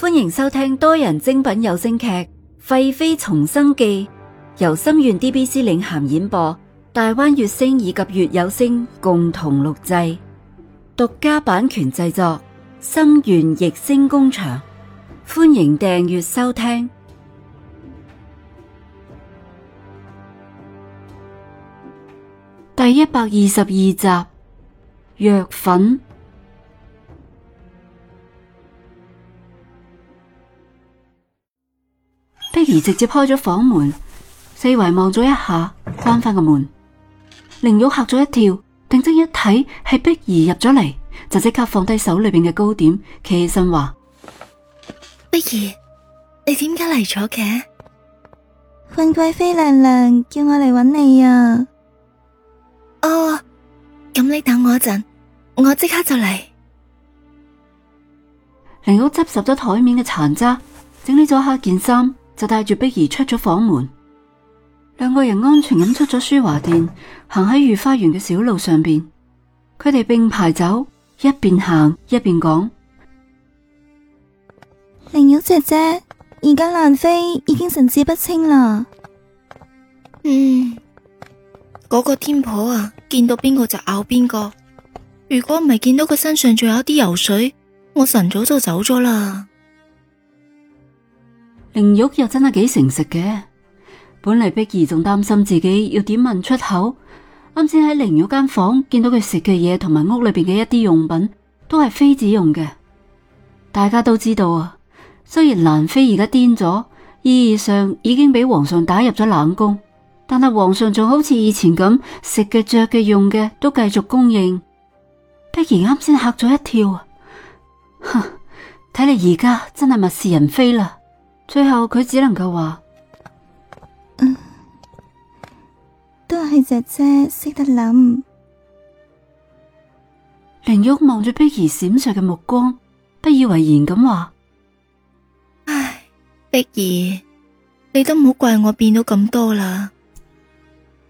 歡迎收聽多人精品有聲劇《廢妃重生記》，由心願 DBC 領銜演播，大灣月星以及月有聲共同錄製，獨家版權製作，心願逸星工場。歡迎訂閱收聽。第一百二十二集，藥粉。直接開咗房門，四圍望咗一下，關翻個門。玲玉吓咗一跳，定睛一睇，係碧兒入咗嚟，就即刻放低手裏邊嘅糕點，企起身話：碧兒，你點解嚟咗嘅？坤貴妃娘娘叫我嚟揾你啊！哦，咁你等我一陣，我即刻就嚟。玲玉執拾咗台面嘅殘渣，整理咗下件衫。就帶住碧兒出咗房門，兩個人安全咁出咗淑華殿，行喺御花園嘅小路上邊，佢哋並排走，一邊行一邊講：玲玉姐姐，而家蘭妃已經神志不清啦。嗯，嗰、那個天婆啊，見到邊個就咬邊個。如果唔係見到佢身上仲有一啲油水，我晨早就走咗啦。靈玉又真係幾誠實嘅，本嚟碧兒仲擔心自己要點問出口。啱先喺靈玉間房見到佢食嘅嘢同埋屋裏邊嘅一啲用品都係妃子用嘅。大家都知道啊，雖然蘭妃而家癲咗，意義上已經俾皇上打入咗冷宮，但係皇上仲好似以前咁食嘅、着嘅、用嘅都繼續供應。碧兒啱先吓咗一跳啊，哼，睇嚟而家真係物是人非啦。最後佢只能夠話，嗯，都係姐姐識得諗。凌玉望住碧兒閃爍嘅目光，不以為然咁話，唉，碧兒，你都唔好怪我變到咁多啦。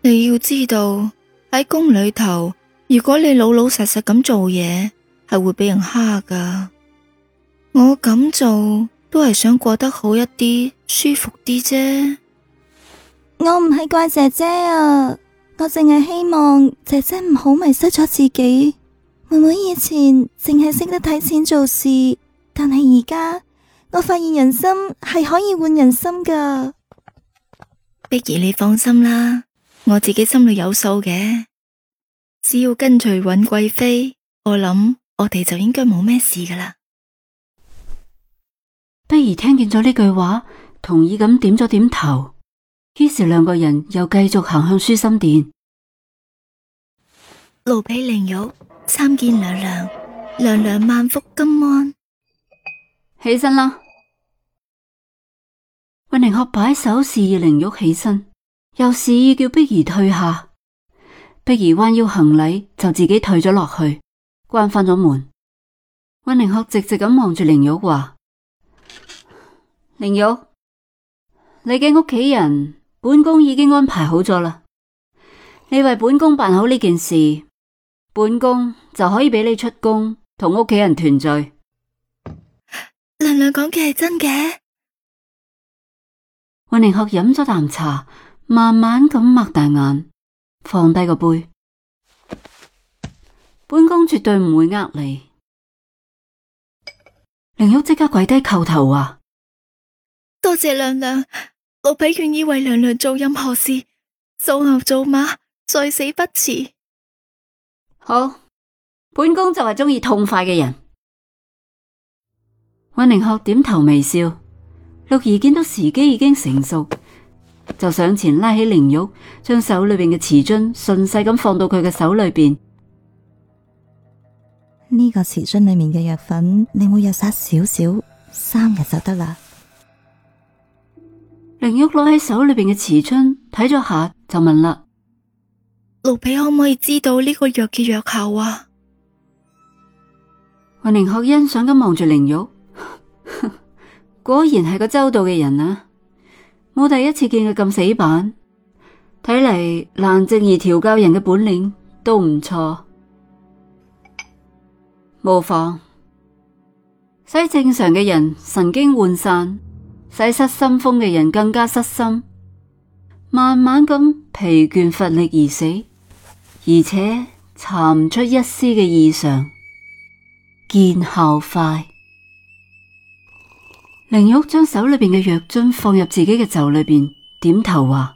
你要知道喺宮裏頭，如果你老老實實咁做嘢，係會俾人蝦噶。我咁做。都係想過得好一啲，舒服啲啫。我唔係怪姐姐啊，我淨係希望姐姐唔好迷失咗自己。妹妹以前淨係識得睇錢做事，但係而家我發現人心係可以換人心噶。碧兒，你放心啦，我自己心裏有數嘅。只要跟隨尹貴妃，我諗我哋就應該冇咩事噶啦。碧兒聽見咗呢句話，同意咁點咗點頭。於是兩個人又繼續行向舒心殿。奴婢凌玉參見娘娘，娘娘萬福金安。起身啦！溫寧鶴擺手示意凌玉起身，又示意叫碧兒退下。碧兒彎腰行禮，就自己退咗落去，關翻咗門。溫寧鶴直直咁望住凌玉話。凌玉，你嘅屋企人，本宮已經安排好咗啦。你為本宮辦好呢件事，本宮就可以俾你出宮同屋企人團聚。娘娘講嘅係真嘅？韋寧鶴飲咗啖茶，慢慢咁擘大眼大，放低個杯。本宮絕對唔會呃你。凌玉即刻跪低叩頭話。謝娘娘，奴婢願意為娘娘做任何事，做牛做馬，再死不辭。好，本宮就係中意痛快嘅人。溫寧學點頭微笑，六兒見到時機已經成熟，就上前拉起凌玉，將手裏邊嘅瓷樽順勢咁放到佢嘅手裏邊。呢個瓷樽裏面嘅藥粉，你每日撒少少，三日就得啦。凌玉攞喺手裏邊嘅瓷樽睇咗下，就問啦：奴婢可唔可以知道呢個藥嘅藥效啊？云寧學欣賞咁望住凌玉， 果然係個周到嘅人啊！冇第一次見佢咁死板，睇嚟冷靜而調教人嘅本領都唔錯。無妨。使正常嘅人神經渙散。使失心瘋嘅人更加失心，慢慢咁疲倦乏力而死，而且查唔出一絲嘅異常。見效快，凌玉將手裏邊嘅藥樽放入自己嘅袖裏邊，點頭話：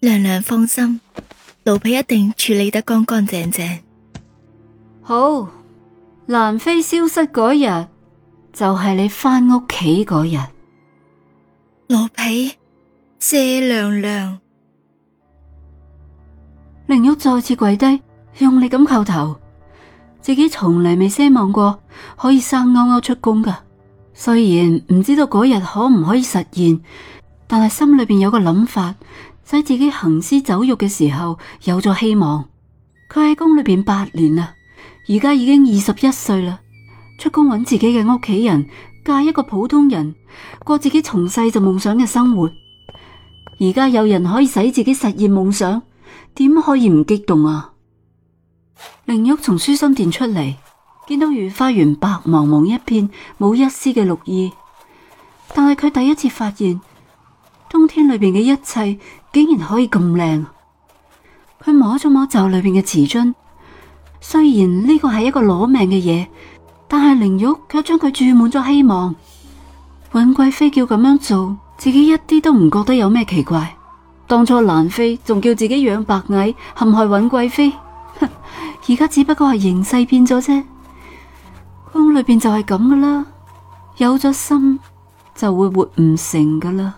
娘娘放心，奴婢一定處理得乾乾淨淨。好，蘭妃消失嗰日就係你翻屋企嗰日。奴婢謝娘娘，凌玉再次跪低，用力咁叩頭。自己從來未奢望過可以生勾勾出宮噶，雖然唔知道嗰日可唔可以實現，但係心裏邊有個諗法，使自己行屍走肉嘅時候有咗希望。佢喺宮裏邊八年啦，而家已經二十一歲啦，出宮揾自己嘅屋企人。嫁一個普通人，過自己從細就夢想嘅生活。而家有人可以使自己實現夢想，點可以唔激動啊！凌玉從書心殿出嚟，見到御花園白茫茫一片，冇一絲嘅綠意。但係佢第一次發現，冬天裏邊嘅一切竟然可以咁靚。佢摸咗摸袖裏邊嘅瓷樽，雖然呢個係一個攞命嘅嘢。但係凌玉卻將佢注滿咗希望。尹貴妃叫咁樣做，自己一啲都唔覺得有咩奇怪。當初蘭妃仲叫自己養白蟻陷害尹貴妃，而 家只不過係形勢變咗啫。宮裏邊就係咁噶啦，有咗心就會活唔成噶啦。